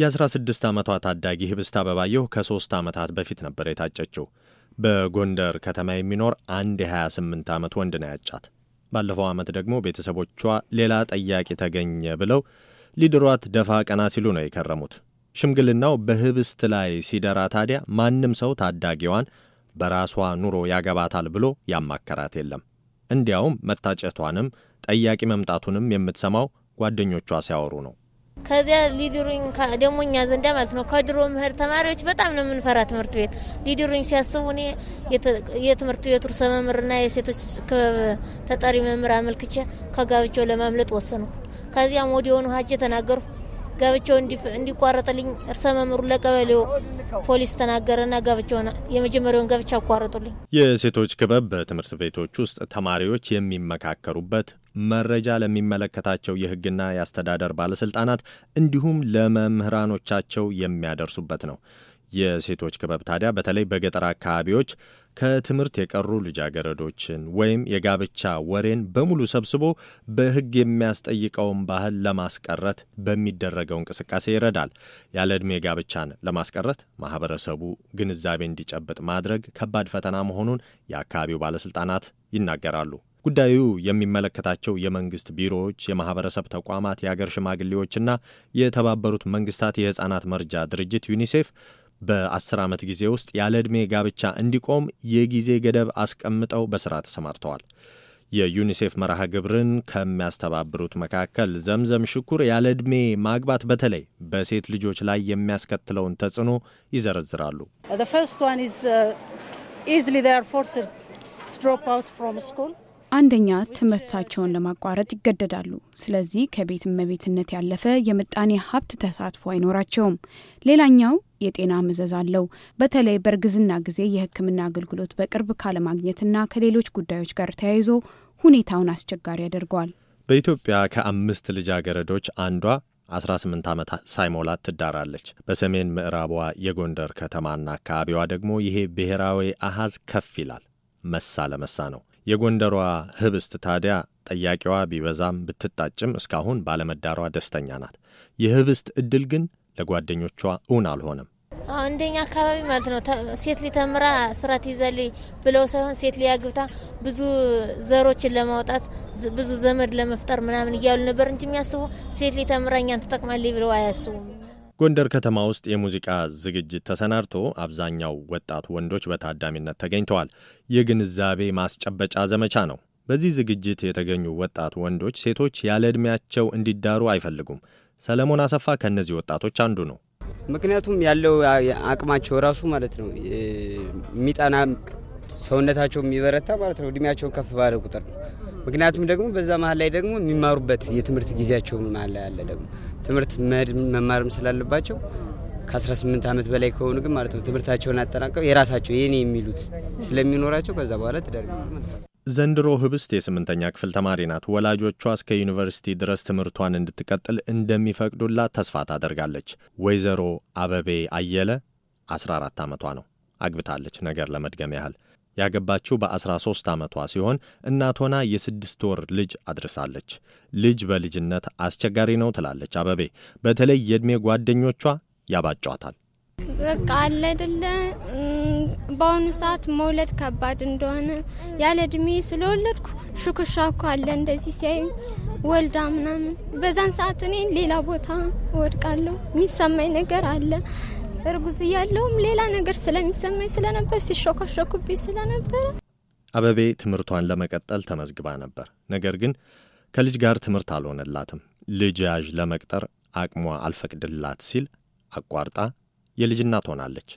የ16 ዓመቷ ታዳጊ ህብስት አበባየሁ ከሦስት ዓመታት በፊት ነበር የታጨችው። በጎንደር ከተማ የሚኖር አንድ የ28 ዓመት ወንድ ነው ያጫት። ባለፈው ዓመት ደግሞ ቤተሰቦቿ ሌላ ጠያቂ ተገኘ ብለው ሊድሯት ደፋ ቀና ሲሉ ነው የከረሙት። ሽምግልናው በህብስት ላይ ሲደራ ታዲያ ማንም ሰው ታዳጊዋን በራሷ ኑሮ ያገባታል ብሎ ያማከራት የለም። እንዲያውም መታጨቷንም ጠያቂ መምጣቱንም የምትሰማው ጓደኞቿ ሲያወሩ ነው። ከዚያ ሊድሩኝ ደግሞ እኛ ዘንዳ ማለት ነው ከድሮ ምህር ተማሪዎች በጣም ነው የምንፈራ ትምህርት ቤት ሊድሩኝ ሲያስቡ እኔ የትምህርት ቤቱ ርዕሰ መምህርና የሴቶች ተጠሪ መምህር አመልክቼ ከጋብቻው ለማምለጥ ወሰንኩ። ከዚያም ወዲያውኑ ሀጀ ተናገሩ ጋብቻው እንዲቋረጥልኝ እርሰ መምሩ ለቀበሌው ፖሊስ ተናገረና ጋብቻውን የመጀመሪያውን ጋብቻ አቋረጡልኝ። የሴቶች ክበብ በትምህርት ቤቶች ውስጥ ተማሪዎች የሚመካከሩበት መረጃ ለሚመለከታቸው የሕግና የአስተዳደር ባለሥልጣናት እንዲሁም ለመምህራኖቻቸው የሚያደርሱበት ነው። የሴቶች ክበብ ታዲያ በተለይ በገጠር አካባቢዎች ከትምህርት የቀሩ ልጃገረዶችን ወይም የጋብቻ ወሬን በሙሉ ሰብስቦ በሕግ የሚያስጠይቀውን ባህል ለማስቀረት በሚደረገው እንቅስቃሴ ይረዳል። ያለ ዕድሜ ጋብቻን ለማስቀረት ማህበረሰቡ ግንዛቤ እንዲጨብጥ ማድረግ ከባድ ፈተና መሆኑን የአካባቢው ባለሥልጣናት ይናገራሉ። ጉዳዩ የሚመለከታቸው የመንግስት ቢሮዎች፣ የማህበረሰብ ተቋማት፣ የአገር ሽማግሌዎችና የተባበሩት መንግስታት የህፃናት መርጃ ድርጅት ዩኒሴፍ በአስር ዓመት ጊዜ ውስጥ ያለ ዕድሜ ጋብቻ እንዲቆም የጊዜ ገደብ አስቀምጠው በሥራ ተሰማርተዋል። የዩኒሴፍ መርሃ ግብርን ከሚያስተባብሩት መካከል ዘምዘም ሽኩር ያለ ዕድሜ ማግባት በተለይ በሴት ልጆች ላይ የሚያስከትለውን ተጽዕኖ ይዘረዝራሉ። አንደኛ ትምህርታቸውን ለማቋረጥ ይገደዳሉ። ስለዚህ ከቤት እመቤትነት ያለፈ የምጣኔ ሀብት ተሳትፎ አይኖራቸውም። ሌላኛው የጤና መዘዝ አለው። በተለይ በእርግዝና ጊዜ የሕክምና አገልግሎት በቅርብ ካለማግኘትና ከሌሎች ጉዳዮች ጋር ተያይዞ ሁኔታውን አስቸጋሪ ያደርገዋል። በኢትዮጵያ ከአምስት ልጃገረዶች አንዷ 18 ዓመት ሳይሞላት ትዳራለች። በሰሜን ምዕራቧ የጎንደር ከተማና አካባቢዋ ደግሞ ይሄ ብሔራዊ አሃዝ ከፍ ይላል። መሳ ለመሳ ነው። የጎንደሯ ህብስት ታዲያ ጠያቂዋ ቢበዛም ብትጣጭም እስካሁን ባለመዳሯ ደስተኛ ናት። የህብስት እድል ግን ለጓደኞቿ እውን አልሆነም። እንደኛ አካባቢ ማለት ነው ሴት ሊተምራ ስራ ትይዛል ብለው ሳይሆን ሴት ሊያግብታ ብዙ ዘሮችን ለማውጣት ብዙ ዘመድ ለመፍጠር ምናምን እያሉ ነበር እንጂ የሚያስቡ ሴት ሊተምራ እኛን ትጠቅማል ብለው አያስቡም። ጎንደር ከተማ ውስጥ የሙዚቃ ዝግጅት ተሰናድቶ አብዛኛው ወጣት ወንዶች በታዳሚነት ተገኝተዋል። የግንዛቤ ማስጨበጫ ዘመቻ ነው። በዚህ ዝግጅት የተገኙ ወጣት ወንዶች ሴቶች ያለ ዕድሜያቸው እንዲዳሩ አይፈልጉም። ሰለሞን አሰፋ ከእነዚህ ወጣቶች አንዱ ነው። ምክንያቱም ያለው አቅማቸው ራሱ ማለት ነው የሚጠና ሰውነታቸው የሚበረታ ማለት ነው እድሜያቸው ከፍ ባለ ቁጥር ነው። ምክንያቱም ደግሞ በዛ መሀል ላይ ደግሞ የሚማሩበት የትምህርት ጊዜያቸው መሀል ላይ አለ። ደግሞ ትምህርት መማርም ስላለባቸው ከ18 ዓመት በላይ ከሆኑ ግን ማለት ነው ትምህርታቸውን አጠናቀው የራሳቸው የኔ የሚሉት ስለሚኖራቸው ከዛ በኋላ ትዳር ዘንድሮ ህብስት የስምንተኛ ክፍል ተማሪ ናት። ወላጆቿ እስከ ዩኒቨርሲቲ ድረስ ትምህርቷን እንድትቀጥል እንደሚፈቅዱላት ተስፋ ታደርጋለች። ወይዘሮ አበቤ አየለ 14 ዓመቷ ነው። አግብታለች። ነገር ለመድገም ያህል ያገባችው በ ሶስት ዓመቷ ሲሆን እናት ሆና የስድስት ወር ልጅ አድርሳለች። ልጅ በልጅነት አስቸጋሪ ነው ትላለች አበቤ። በተለይ የዕድሜ ጓደኞቿ ያባጯታል። በቃ አለ አይደለ በአሁኑ ሰዓት መውለድ ከባድ እንደሆነ ያለ እድሜ ስለወለድኩ ሹክሻ እኮ አለ እንደዚህ ሲያዩ ወልዳ ምናምን። በዛን ሰዓት እኔ ሌላ ቦታ እወድቃለሁ። የሚሰማኝ ነገር አለ እርጉዝ እያለውም ሌላ ነገር ስለሚሰማኝ ስለነበር ሲሾካሾኩብኝ ስለነበረ አበቤ ትምህርቷን ለመቀጠል ተመዝግባ ነበር። ነገር ግን ከልጅ ጋር ትምህርት አልሆነላትም። ልጅ ያዥ ለመቅጠር አቅሟ አልፈቅድላት ሲል አቋርጣ የልጅ እናት ሆናለች።